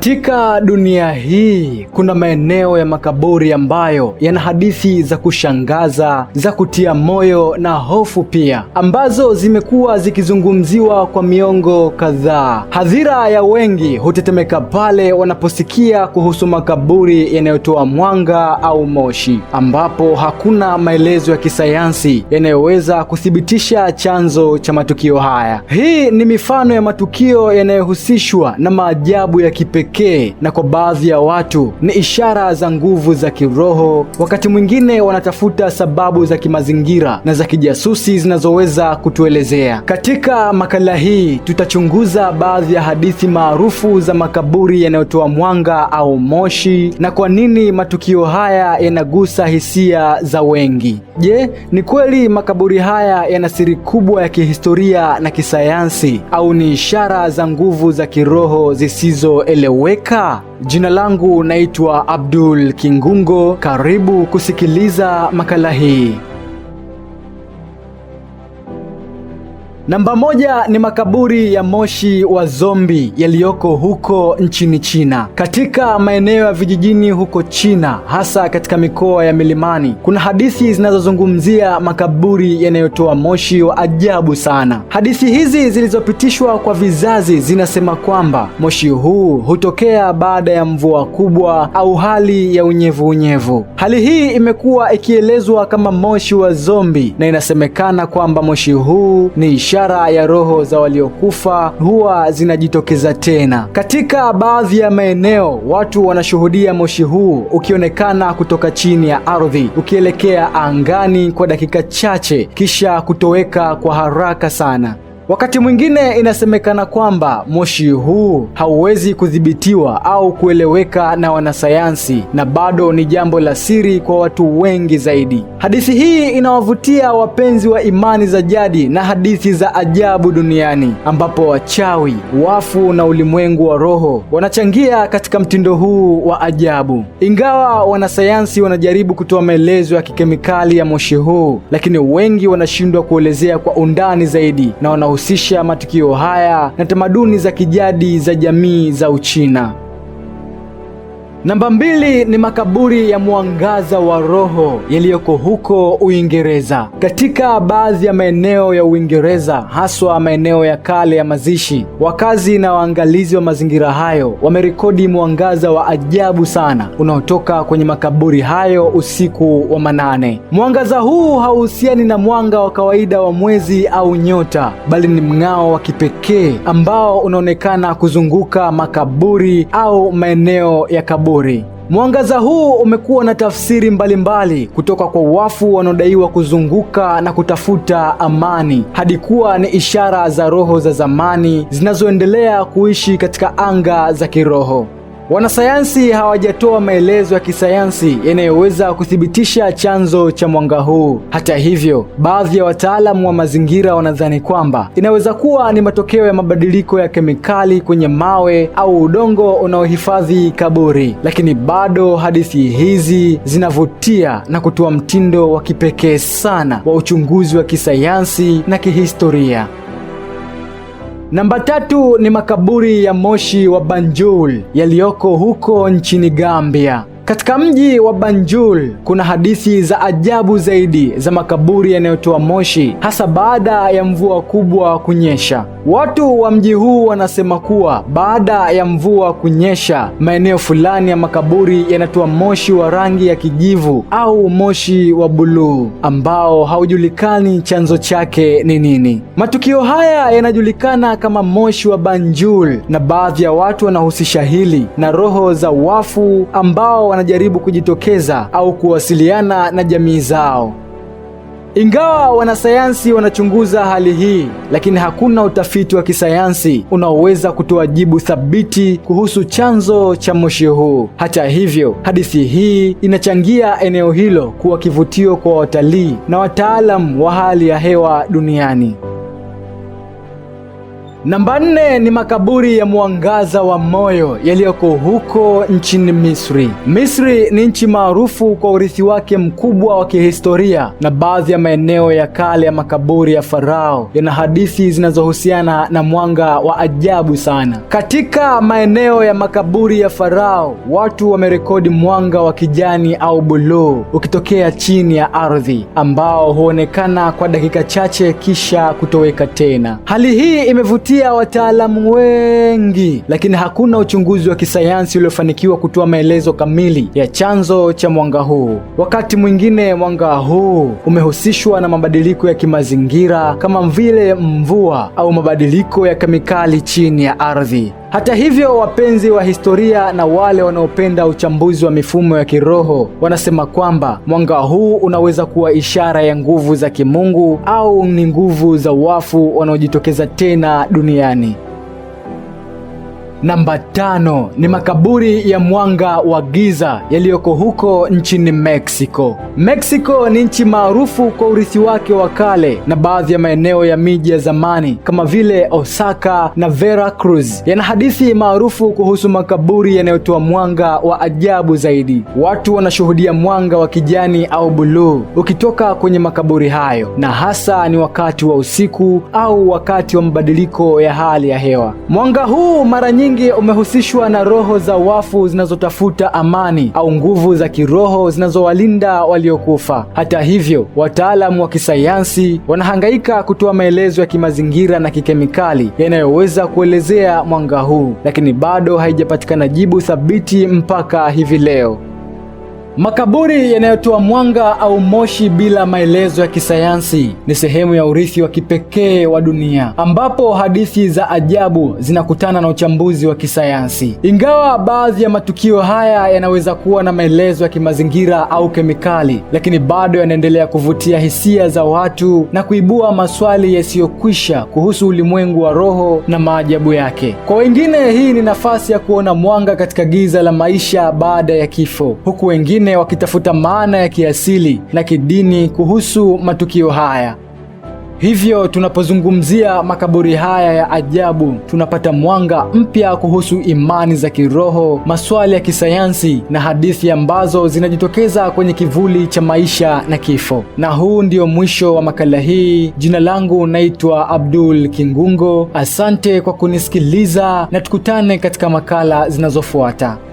Katika dunia hii kuna maeneo ya makaburi ambayo yana hadithi za kushangaza, za kutia moyo na hofu pia, ambazo zimekuwa zikizungumziwa kwa miongo kadhaa. Hadhira ya wengi hutetemeka pale wanaposikia kuhusu makaburi yanayotoa mwanga au moshi, ambapo hakuna maelezo ya kisayansi yanayoweza kuthibitisha chanzo cha matukio haya. Hii ni mifano ya matukio yanayohusishwa na maajabu ya kipekee kipekee na kwa baadhi ya watu ni ishara za nguvu za kiroho. Wakati mwingine wanatafuta sababu za kimazingira na za kijasusi zinazoweza kutuelezea. Katika makala hii tutachunguza baadhi ya hadithi maarufu za makaburi yanayotoa mwanga au moshi na kwa nini matukio haya yanagusa hisia za wengi. Je, ni kweli makaburi haya yana siri kubwa ya kihistoria na kisayansi au ni ishara za nguvu za kiroho zisizoeleweka? weka Jina langu naitwa Abdul Kingungo, karibu kusikiliza makala hii. Namba moja ni makaburi ya moshi wa zombi yaliyoko huko nchini China. Katika maeneo ya vijijini huko China, hasa katika mikoa ya milimani, kuna hadithi zinazozungumzia makaburi yanayotoa moshi wa ajabu sana. Hadithi hizi zilizopitishwa kwa vizazi zinasema kwamba moshi huu hutokea baada ya mvua kubwa au hali ya unyevu unyevu Hali hii imekuwa ikielezwa kama moshi wa zombi na inasemekana kwamba moshi huu ni isha ishara ya roho za waliokufa huwa zinajitokeza tena. Katika baadhi ya maeneo, watu wanashuhudia moshi huu ukionekana kutoka chini ya ardhi ukielekea angani kwa dakika chache, kisha kutoweka kwa haraka sana. Wakati mwingine inasemekana kwamba moshi huu hauwezi kudhibitiwa au kueleweka na wanasayansi na bado ni jambo la siri kwa watu wengi zaidi. Hadithi hii inawavutia wapenzi wa imani za jadi na hadithi za ajabu duniani ambapo wachawi, wafu na ulimwengu wa roho wanachangia katika mtindo huu wa ajabu. Ingawa wanasayansi wanajaribu kutoa maelezo ya kikemikali ya moshi huu, lakini wengi wanashindwa kuelezea kwa undani zaidi na wana kuhusisha matukio haya na tamaduni za kijadi za jamii za Uchina. Namba mbili ni makaburi ya mwangaza wa roho yaliyoko huko Uingereza. Katika baadhi ya maeneo ya Uingereza, haswa maeneo ya kale ya mazishi, wakazi na waangalizi wa mazingira hayo wamerekodi mwangaza wa ajabu sana unaotoka kwenye makaburi hayo usiku wa manane. Mwangaza huu hauhusiani na mwanga wa kawaida wa mwezi au nyota, bali ni mng'ao wa kipekee ambao unaonekana kuzunguka makaburi au maeneo ya kaburi kaburi. Mwangaza huu umekuwa na tafsiri mbalimbali mbali, kutoka kwa wafu wanaodaiwa kuzunguka na kutafuta amani hadi kuwa ni ishara za roho za zamani zinazoendelea kuishi katika anga za kiroho. Wanasayansi hawajatoa maelezo ya kisayansi yanayoweza kuthibitisha chanzo cha mwanga huu. Hata hivyo, baadhi ya wataalamu wa mazingira wanadhani kwamba inaweza kuwa ni matokeo ya mabadiliko ya kemikali kwenye mawe au udongo unaohifadhi kaburi. Lakini bado hadithi hizi zinavutia na kutoa mtindo wa kipekee sana wa uchunguzi wa kisayansi na kihistoria. Namba tatu ni makaburi ya Moshi wa Banjul yaliyoko huko nchini Gambia. Katika mji wa Banjul kuna hadithi za ajabu zaidi za makaburi yanayotoa moshi hasa baada ya mvua kubwa kunyesha. Watu wa mji huu wanasema kuwa baada ya mvua kunyesha, maeneo fulani ya makaburi yanatoa moshi wa rangi ya kijivu au moshi wa buluu ambao haujulikani chanzo chake ni nini. Matukio haya yanajulikana kama moshi wa Banjul, na baadhi ya watu wanahusisha hili na roho za wafu ambao wanajaribu kujitokeza au kuwasiliana na jamii zao. Ingawa wanasayansi wanachunguza hali hii, lakini hakuna utafiti wa kisayansi unaoweza kutoa jibu thabiti kuhusu chanzo cha moshi huu. Hata hivyo, hadithi hii inachangia eneo hilo kuwa kivutio kwa watalii na wataalamu wa hali ya hewa duniani. Namba nne ni makaburi ya mwangaza wa moyo yaliyoko huko nchini Misri. Misri ni nchi maarufu kwa urithi wake mkubwa wa kihistoria, na baadhi ya maeneo ya kale ya makaburi ya Farao yana hadithi zinazohusiana na mwanga wa ajabu sana. Katika maeneo ya makaburi ya Farao, watu wamerekodi mwanga wa kijani au buluu ukitokea chini ya ardhi, ambao huonekana kwa dakika chache kisha kutoweka tena. Hali hii imevutia kupitia wataalamu wengi, lakini hakuna uchunguzi wa kisayansi uliofanikiwa kutoa maelezo kamili ya chanzo cha mwanga huu. Wakati mwingine mwanga huu umehusishwa na mabadiliko ya kimazingira kama vile mvua au mabadiliko ya kemikali chini ya ardhi. Hata hivyo, wapenzi wa historia na wale wanaopenda uchambuzi wa mifumo ya kiroho wanasema kwamba mwanga huu unaweza kuwa ishara ya nguvu za kimungu au ni nguvu za wafu wanaojitokeza tena duniani. Namba tano ni makaburi ya mwanga wa giza yaliyoko huko nchini Mexico. Mexico ni nchi maarufu kwa urithi wake wa kale na baadhi ya maeneo ya miji ya zamani kama vile Osaka na Veracruz yana hadithi maarufu kuhusu makaburi yanayotoa mwanga wa ajabu zaidi. Watu wanashuhudia mwanga wa kijani au buluu ukitoka kwenye makaburi hayo, na hasa ni wakati wa usiku au wakati wa mabadiliko ya hali ya hewa. Mwanga huu mara nyingi nyingi umehusishwa na roho za wafu zinazotafuta amani au nguvu za kiroho zinazowalinda waliokufa. Hata hivyo, wataalamu wa kisayansi wanahangaika kutoa maelezo ya kimazingira na kikemikali yanayoweza kuelezea mwanga huu, lakini bado haijapatikana jibu thabiti mpaka hivi leo. Makaburi yanayotoa mwanga au moshi bila maelezo ya kisayansi ni sehemu ya urithi wa kipekee wa dunia ambapo hadithi za ajabu zinakutana na uchambuzi wa kisayansi. Ingawa baadhi ya matukio haya yanaweza kuwa na maelezo ya kimazingira au kemikali, lakini bado yanaendelea kuvutia hisia za watu na kuibua maswali yasiyokwisha kuhusu ulimwengu wa roho na maajabu yake. Kwa wengine, hii ni nafasi ya kuona mwanga katika giza la maisha baada ya kifo, huku wengine wengine wakitafuta maana ya kiasili na kidini kuhusu matukio haya. Hivyo tunapozungumzia makaburi haya ya ajabu, tunapata mwanga mpya kuhusu imani za kiroho, maswali ya kisayansi na hadithi ambazo zinajitokeza kwenye kivuli cha maisha na kifo. Na huu ndio mwisho wa makala hii. Jina langu naitwa Abdul Kingungo. Asante kwa kunisikiliza na tukutane katika makala zinazofuata.